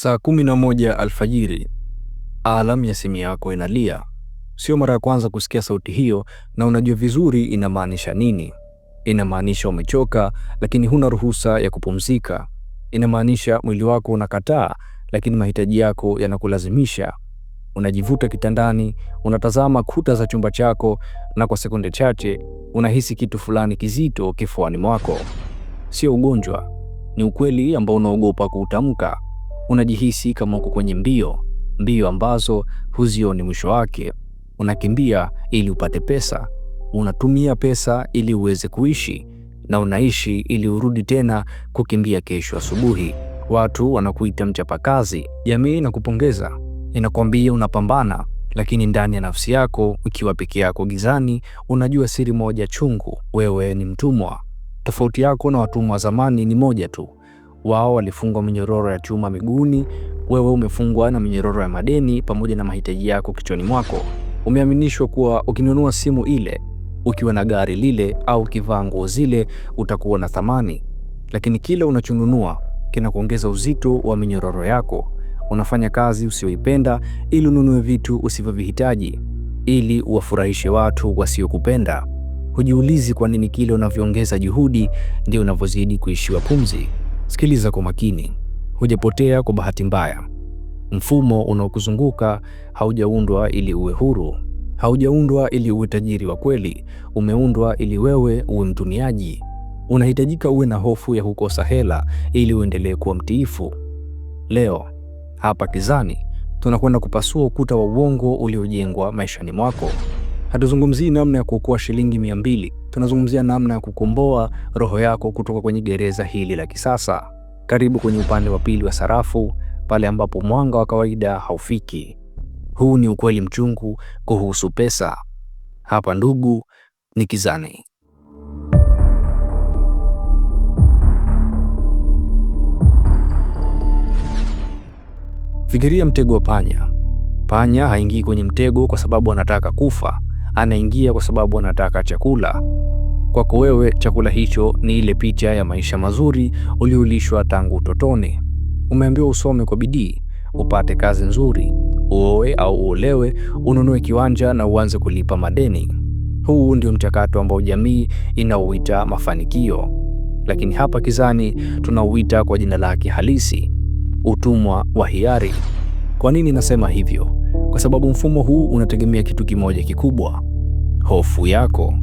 Saa kumi na moja alfajiri, alam ya simu yako inalia. Sio mara ya kwanza kusikia sauti hiyo, na unajua vizuri inamaanisha nini. Inamaanisha umechoka, lakini huna ruhusa ya kupumzika. Inamaanisha mwili wako unakataa, lakini mahitaji yako yanakulazimisha. Unajivuta kitandani, unatazama kuta za chumba chako, na kwa sekunde chache unahisi kitu fulani kizito kifuani mwako. Sio ugonjwa, ni ukweli ambao unaogopa kuutamka unajihisi kama uko kwenye mbio, mbio ambazo huzioni mwisho wake. Unakimbia ili upate pesa, unatumia pesa ili uweze kuishi, na unaishi ili urudi tena kukimbia kesho asubuhi. Watu wanakuita mchapakazi, jamii inakupongeza, inakwambia unapambana, lakini ndani ya nafsi yako, ukiwa peke yako gizani, unajua siri moja chungu: wewe ni mtumwa. Tofauti yako na watumwa zamani ni moja tu wao walifungwa minyororo ya chuma miguuni, wewe umefungwa na minyororo ya madeni pamoja na mahitaji yako kichwani mwako. Umeaminishwa kuwa ukinunua simu ile, ukiwa na gari lile, au ukivaa nguo zile, utakuwa na thamani, lakini kile unachonunua kinakuongeza uzito wa minyororo yako. Unafanya kazi usioipenda ili ununue vitu usivyovihitaji ili uwafurahishe watu wasiokupenda. Hujiulizi kwa nini kile unavyoongeza juhudi ndio unavyozidi kuishiwa pumzi. Sikiliza kwa makini, hujapotea kwa bahati mbaya. Mfumo unaokuzunguka haujaundwa ili uwe huru, haujaundwa ili uwe tajiri wa kweli. Umeundwa ili wewe uwe mtumiaji. Unahitajika uwe na hofu ya kukosa hela ili uendelee kuwa mtiifu. Leo hapa Kizani tunakwenda kupasua ukuta wa uongo uliojengwa maishani mwako. Hatuzungumzii namna ya kuokoa shilingi mia mbili tunazungumzia namna ya kukomboa roho yako kutoka kwenye gereza hili la kisasa. Karibu kwenye upande wa pili wa sarafu, pale ambapo mwanga wa kawaida haufiki. Huu ni ukweli mchungu kuhusu pesa. Hapa ndugu, ni kizani. Fikiria mtego wa panya. Panya haingii kwenye mtego kwa sababu anataka kufa anaingia kwa sababu anataka chakula. Kwako wewe, chakula hicho ni ile picha ya maisha mazuri uliolishwa tangu utotoni. Umeambiwa usome kwa bidii, upate kazi nzuri, uoe au uolewe, ununue kiwanja na uanze kulipa madeni. Huu ndio mchakato ambao jamii inauita mafanikio, lakini hapa Kizani tunauita kwa jina lake halisi, utumwa wa hiari. Kwa nini nasema hivyo? kwa sababu mfumo huu unategemea kitu kimoja kikubwa: hofu yako,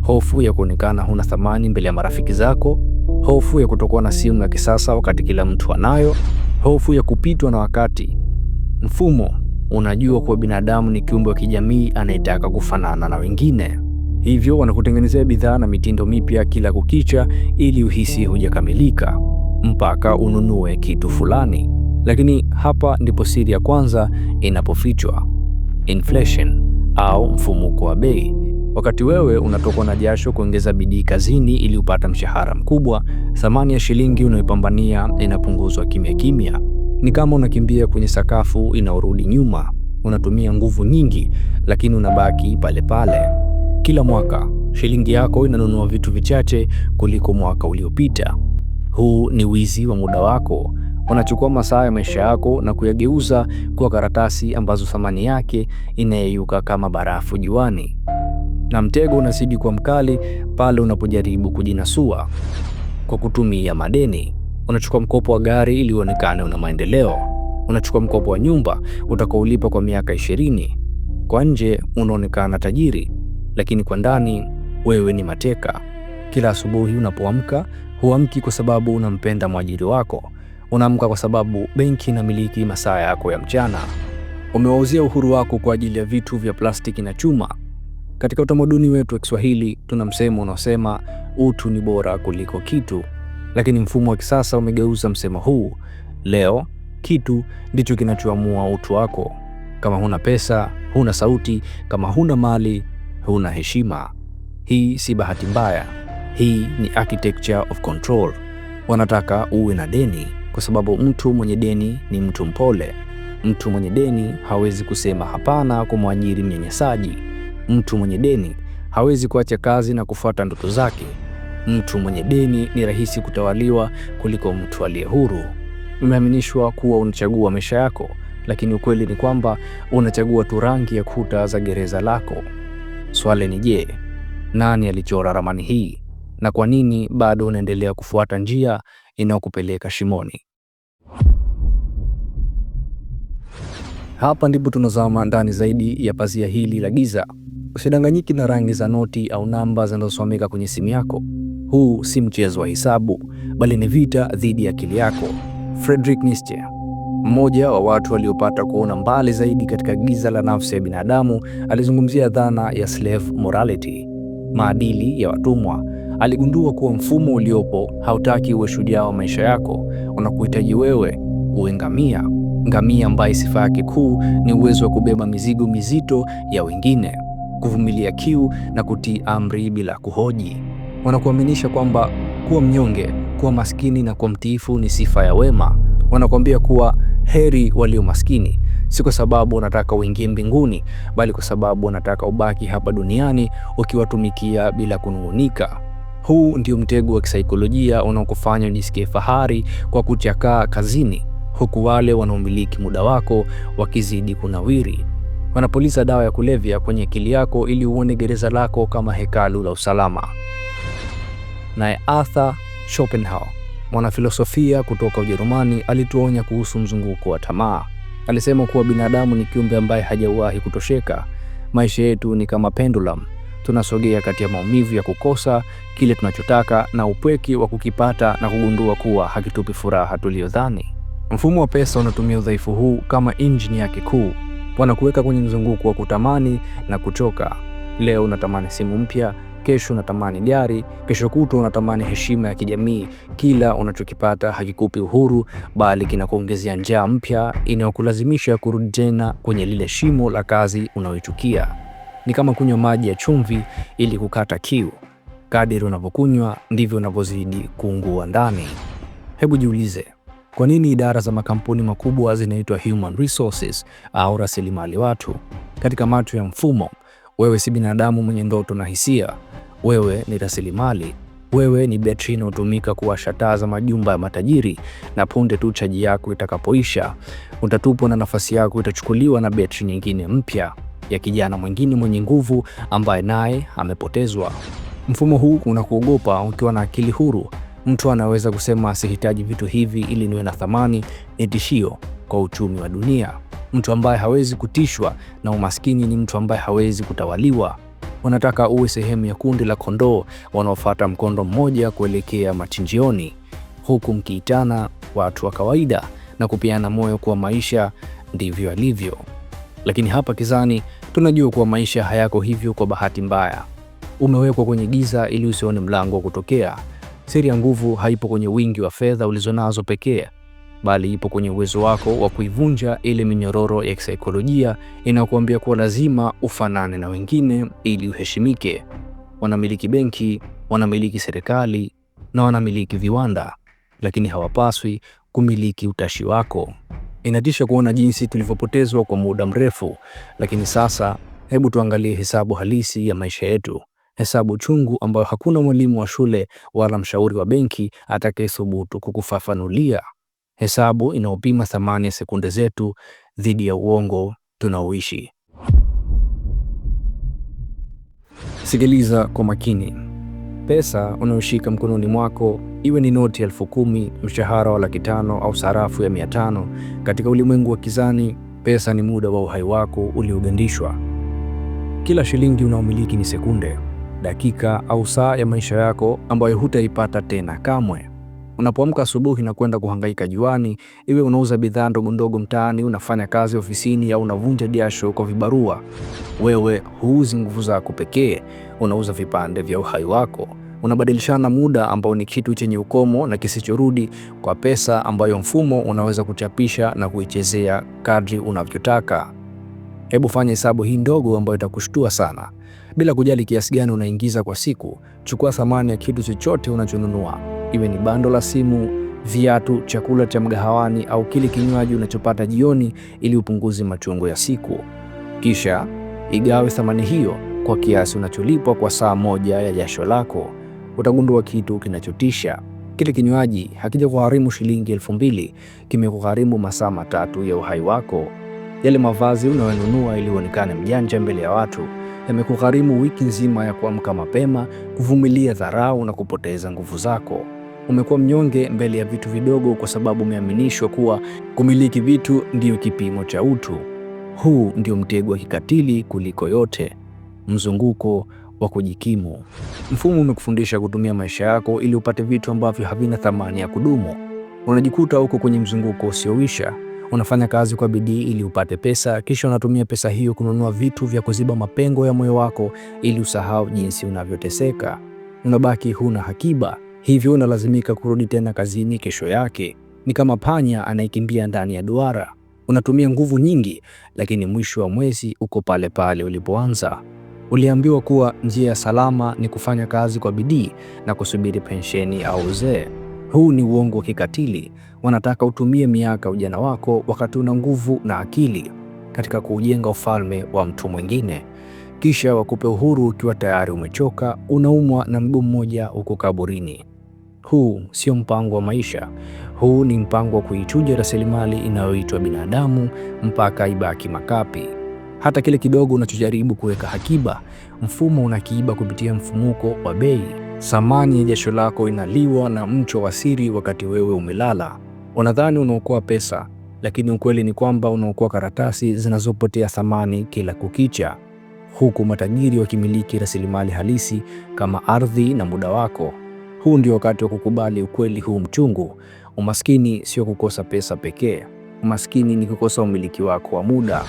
hofu ya kuonekana huna thamani mbele ya marafiki zako, hofu ya kutokuwa na simu ya kisasa wakati kila mtu anayo, hofu ya kupitwa na wakati. Mfumo unajua kuwa binadamu ni kiumbe wa kijamii anayetaka kufanana na wengine, hivyo wanakutengenezea bidhaa na mitindo mipya kila kukicha, ili uhisi hujakamilika mpaka ununue kitu fulani. Lakini hapa ndipo siri ya kwanza inapofichwa: inflation au mfumuko wa bei. Wakati wewe unatokwa na jasho kuongeza bidii kazini ili upata mshahara mkubwa, thamani ya shilingi unayopambania inapunguzwa kimya kimya. Ni kama unakimbia kwenye sakafu inaorudi nyuma. Unatumia nguvu nyingi, lakini unabaki pale pale. Kila mwaka shilingi yako inanunua vitu vichache kuliko mwaka uliopita. Huu ni wizi wa muda wako, Wanachukua masaa ya maisha yako na kuyageuza kuwa karatasi ambazo thamani yake inayeyuka kama barafu juani, na mtego unazidi kuwa mkali pale unapojaribu kujinasua kwa kutumia madeni. Unachukua mkopo wa gari ili uonekane una maendeleo. Unachukua mkopo wa nyumba utakaolipa kwa miaka ishirini. Kwa nje unaonekana tajiri, lakini kwa ndani wewe ni mateka. Kila asubuhi unapoamka, huamki kwa sababu unampenda mwajiri wako, Unaamka kwa sababu benki inamiliki masaa yako ya mchana. Umewauzia uhuru wako kwa ajili ya vitu vya plastiki na chuma. Katika utamaduni wetu wa Kiswahili tuna msemo unaosema utu ni bora kuliko kitu, lakini mfumo wa kisasa umegeuza msemo huu. Leo kitu ndicho kinachoamua utu wako. Kama huna pesa, huna sauti. Kama huna mali, huna heshima. Hii si bahati mbaya, hii ni architecture of control. Wanataka uwe na deni kwa sababu mtu mwenye deni ni mtu mpole. Mtu mwenye deni hawezi kusema hapana kwa mwajiri mnyanyasaji. Mtu mwenye deni hawezi kuacha kazi na kufuata ndoto zake. Mtu mwenye deni ni rahisi kutawaliwa kuliko mtu aliye huru. Umeaminishwa kuwa unachagua maisha yako, lakini ukweli ni kwamba unachagua tu rangi ya kuta za gereza lako. Swali ni je, nani alichora ramani hii na kwa nini bado unaendelea kufuata njia inayokupeleka shimoni? Hapa ndipo tunazama ndani zaidi ya pazia hili la giza. Usidanganyiki na rangi za noti au namba zinazosomeka kwenye simu yako. Huu si mchezo wa hisabu, bali ni vita dhidi ya akili yako. Friedrich Nietzsche, mmoja wa watu waliopata kuona mbali zaidi katika giza la nafsi ya binadamu, alizungumzia dhana ya slave morality, maadili ya watumwa. Aligundua kuwa mfumo uliopo hautaki uwe shujaa wa maisha yako, unakuhitaji wewe kuingamia ngamia ambaye sifa yake kuu ni uwezo wa kubeba mizigo mizito ya wengine, kuvumilia kiu na kutii amri bila kuhoji. Wanakuaminisha kwamba kuwa mnyonge, kuwa maskini na kuwa mtiifu ni sifa ya wema. Wanakuambia kuwa heri walio maskini, si kwa sababu wanataka uingie mbinguni, bali kwa sababu wanataka ubaki hapa duniani ukiwatumikia bila kunung'unika. Huu ndio mtego wa kisaikolojia unaokufanya ujisikie fahari kwa kuchakaa kazini huku wale wanaomiliki muda wako wakizidi kunawiri. Wanapuliza dawa ya kulevya kwenye akili yako ili uone gereza lako kama hekalu la usalama. Naye Arthur Schopenhauer, mwanafilosofia kutoka Ujerumani, alituonya kuhusu mzunguko wa tamaa. Alisema kuwa binadamu ni kiumbe ambaye hajawahi kutosheka. Maisha yetu ni kama pendulum, tunasogea kati ya maumivu ya kukosa kile tunachotaka na upweki wa kukipata na kugundua kuwa hakitupi furaha tuliyodhani. Mfumo wa pesa unatumia udhaifu huu kama injini yake kuu, wanakuweka kwenye mzunguko wa kutamani na kuchoka. Leo unatamani simu mpya, kesho unatamani gari, kesho kutwa unatamani heshima ya kijamii. Kila unachokipata hakikupi uhuru, bali kinakuongezea njaa mpya inayokulazimisha kurudi tena kwenye lile shimo la kazi unaoichukia Ni kama kunywa maji ya chumvi ili kukata kiu. Kadiri unavyokunywa ndivyo unavyozidi kuungua ndani. Hebu jiulize, kwa nini idara za makampuni makubwa zinaitwa human resources au rasilimali watu? Katika macho ya mfumo, wewe si binadamu mwenye ndoto na hisia. Wewe ni rasilimali. Wewe ni betri inayotumika kuwasha taa za majumba ya matajiri, na punde tu chaji yako itakapoisha, utatupwa na nafasi yako itachukuliwa na betri nyingine mpya ya kijana mwingine mwenye nguvu ambaye naye amepotezwa. Mfumo huu unakuogopa ukiwa na akili huru, mtu anaweza kusema sihitaji vitu hivi ili niwe na thamani, ni tishio kwa uchumi wa dunia. Mtu ambaye hawezi kutishwa na umaskini ni mtu ambaye hawezi kutawaliwa. Wanataka uwe sehemu ya kundi la kondoo wanaofuata mkondo mmoja kuelekea machinjioni, huku mkiitana watu wa kawaida na kupeana moyo kuwa maisha ndivyo alivyo. Lakini hapa Kizani tunajua kuwa maisha hayako hivyo. Kwa bahati mbaya, umewekwa kwenye giza ili usione mlango wa kutokea. Siri ya nguvu haipo kwenye wingi wa fedha ulizonazo pekee, bali ipo kwenye uwezo wako wa kuivunja ile minyororo ya kisaikolojia inayokuambia kuwa lazima ufanane na wengine ili uheshimike. Wanamiliki benki, wanamiliki serikali na wanamiliki viwanda, lakini hawapaswi kumiliki utashi wako. Inatisha kuona jinsi tulivyopotezwa kwa muda mrefu, lakini sasa hebu tuangalie hesabu halisi ya maisha yetu hesabu chungu ambayo hakuna mwalimu wa shule wala mshauri wa benki atakayesubutu kukufafanulia, hesabu inayopima thamani ya sekunde zetu dhidi ya uongo tunaoishi. Sikiliza kwa makini. Pesa unayoshika mkononi mwako, iwe ni noti ya elfu kumi, mshahara wa laki tano au sarafu ya mia tano, katika ulimwengu wa kizani, pesa ni muda wa uhai wako uliogandishwa. Kila shilingi unaomiliki ni sekunde dakika au saa ya maisha yako ambayo hutaipata tena kamwe. Unapoamka asubuhi na kwenda kuhangaika juani, iwe unauza bidhaa ndogondogo mtaani, unafanya kazi ofisini, au unavunja jasho kwa vibarua, wewe huuzi nguvu zako pekee, unauza vipande vya uhai wako. Unabadilishana muda ambao ni kitu chenye ukomo na kisichorudi kwa pesa ambayo mfumo unaweza kuchapisha na kuichezea kadri unavyotaka. Hebu fanya hesabu hii ndogo ambayo itakushtua sana. Bila kujali kiasi gani unaingiza kwa siku, chukua thamani ya kitu chochote unachonunua, iwe ni bando la simu, viatu, chakula cha mgahawani au kile kinywaji unachopata jioni, ili upunguze machungu ya siku. Kisha igawe thamani hiyo kwa kiasi unacholipwa kwa saa moja ya jasho lako. Utagundua kitu kinachotisha: kile kinywaji hakija kugharimu shilingi elfu mbili, kimekugharimu masaa matatu ya uhai wako. Yale mavazi unayonunua ili uonekane mjanja mbele ya watu yamekugharimu wiki nzima ya kuamka mapema, kuvumilia dharau na kupoteza nguvu zako. Umekuwa mnyonge mbele ya vitu vidogo, kwa sababu umeaminishwa kuwa kumiliki vitu ndiyo kipimo cha utu. Huu ndio mtego wa kikatili kuliko yote, mzunguko wa kujikimu. Mfumo umekufundisha kutumia maisha yako ili upate vitu ambavyo havina thamani ya kudumu. Unajikuta huko kwenye mzunguko usioisha. Unafanya kazi kwa bidii ili upate pesa, kisha unatumia pesa hiyo kununua vitu vya kuziba mapengo ya moyo wako ili usahau jinsi unavyoteseka. Unabaki huna hakiba hivyo unalazimika kurudi tena kazini kesho yake. Ni kama panya anayekimbia ndani ya duara. Unatumia nguvu nyingi, lakini mwisho wa mwezi uko pale pale ulipoanza. Uliambiwa kuwa njia ya salama ni kufanya kazi kwa bidii na kusubiri pensheni au uzee. Huu ni uongo wa kikatili wanataka utumie miaka ujana wako wakati una nguvu na akili katika kuujenga ufalme wa mtu mwingine, kisha wakupe uhuru ukiwa tayari umechoka, unaumwa na mguu mmoja huko kaburini. Huu sio mpango wa maisha. Huu ni mpango wa kuichuja rasilimali inayoitwa binadamu mpaka ibaki makapi. Hata kile kidogo unachojaribu kuweka hakiba mfumo unakiiba kupitia mfumuko wa bei. Samani ya jasho lako inaliwa na mchwa wa siri wakati wewe umelala. Unadhani unaokoa pesa, lakini ukweli ni kwamba unaokoa karatasi zinazopotea thamani kila kukicha, huku matajiri wakimiliki rasilimali halisi kama ardhi na muda wako. Huu ndio wakati wa kukubali ukweli huu mchungu. Umaskini sio kukosa pesa pekee. Umaskini ni kukosa umiliki wako wa muda.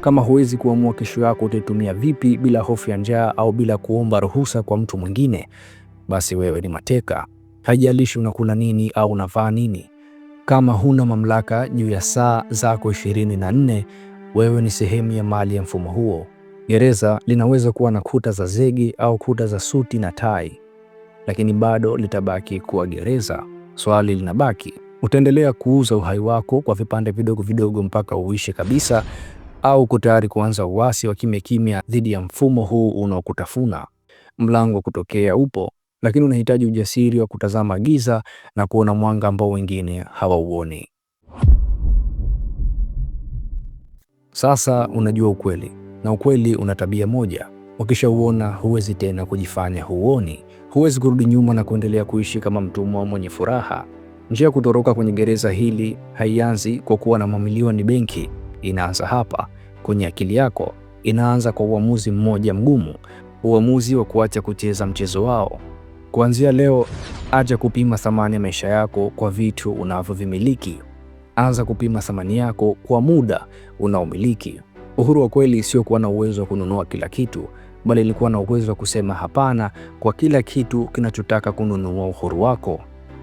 Kama huwezi kuamua kesho yako utaitumia vipi, bila hofu ya njaa au bila kuomba ruhusa kwa mtu mwingine, basi wewe ni mateka. Haijalishi unakula nini au unavaa nini, kama huna mamlaka juu ya saa zako 24, wewe ni sehemu ya mali ya mfumo huo. Gereza linaweza kuwa na kuta za zegi au kuta za suti na tai, lakini bado litabaki kuwa gereza. Swali linabaki, utaendelea kuuza uhai wako kwa vipande vidogo vidogo mpaka uishe kabisa, au uko tayari kuanza uasi wa kimya kimya dhidi ya mfumo huu unaokutafuna? Mlango kutokea upo, lakini unahitaji ujasiri wa kutazama giza na kuona mwanga ambao wengine hawauoni. Sasa unajua ukweli, na ukweli una tabia moja. Ukishauona huwezi tena kujifanya huoni. Huwezi kurudi nyuma na kuendelea kuishi kama mtumwa mwenye furaha. Njia ya kutoroka kwenye gereza hili haianzi kwa kuwa na mamilioni benki. Inaanza hapa kwenye akili yako, inaanza kwa uamuzi mmoja mgumu, uamuzi wa kuacha kucheza mchezo wao. Kuanzia leo, aja kupima thamani ya maisha yako kwa vitu unavyovimiliki. Anza kupima thamani yako kwa muda unaomiliki. Uhuru wa kweli sio kuwa na uwezo wa kununua kila kitu, bali ni kuwa na uwezo wa kusema hapana kwa kila kitu kinachotaka kununua uhuru wako.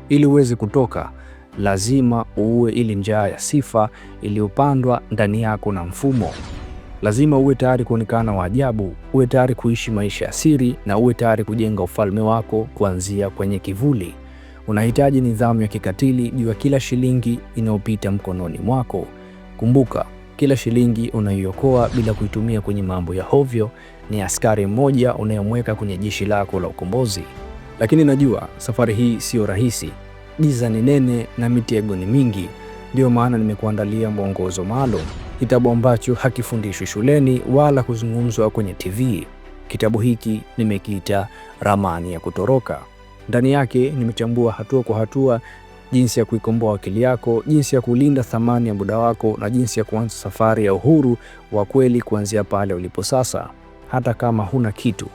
Ili uweze kutoka, lazima uue ile njaa ya sifa iliyopandwa ndani yako na mfumo lazima uwe tayari kuonekana wa ajabu, uwe tayari kuishi maisha ya siri na uwe tayari kujenga ufalme wako kuanzia kwenye kivuli. Unahitaji nidhamu ya kikatili juu ya kila shilingi inayopita mkononi mwako. Kumbuka, kila shilingi unaiokoa bila kuitumia kwenye mambo ya hovyo ni askari mmoja unayemweka kwenye jeshi lako la ukombozi. Lakini najua safari hii siyo rahisi. Giza ni nene na mitego ni mingi, ndiyo maana nimekuandalia mwongozo maalum kitabu ambacho hakifundishwi shuleni wala kuzungumzwa kwenye TV. Kitabu hiki nimekiita Ramani ya Kutoroka. Ndani yake nimechambua hatua kwa hatua jinsi ya kuikomboa akili yako, jinsi ya kulinda thamani ya muda wako, na jinsi ya kuanza safari ya uhuru wa kweli kuanzia pale ulipo sasa, hata kama huna kitu.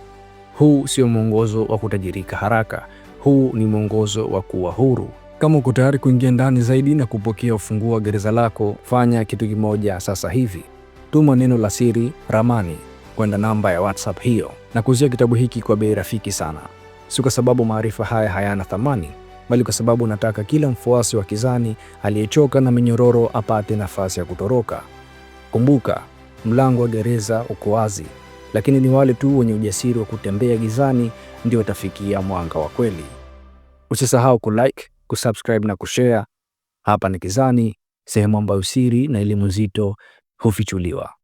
Huu sio mwongozo wa kutajirika haraka. Huu ni mwongozo wa kuwa huru. Kama uko tayari kuingia ndani zaidi na kupokea ufunguo wa gereza lako, fanya kitu kimoja sasa hivi. Tuma neno la siri ramani kwenda namba ya WhatsApp hiyo na kuzia kitabu hiki kwa bei rafiki sana, si kwa sababu maarifa haya hayana thamani, bali kwa sababu nataka kila mfuasi wa Kizani aliyechoka na minyororo apate nafasi ya kutoroka. Kumbuka, mlango wa gereza uko wazi, lakini ni wale tu wenye ujasiri wa kutembea gizani ndio watafikia mwanga wa kweli. Usisahau kulike kusubscribe na kushare. Hapa ni Kizani, sehemu ambayo siri na elimu nzito hufichuliwa.